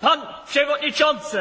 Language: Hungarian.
Pan Przewodniczący!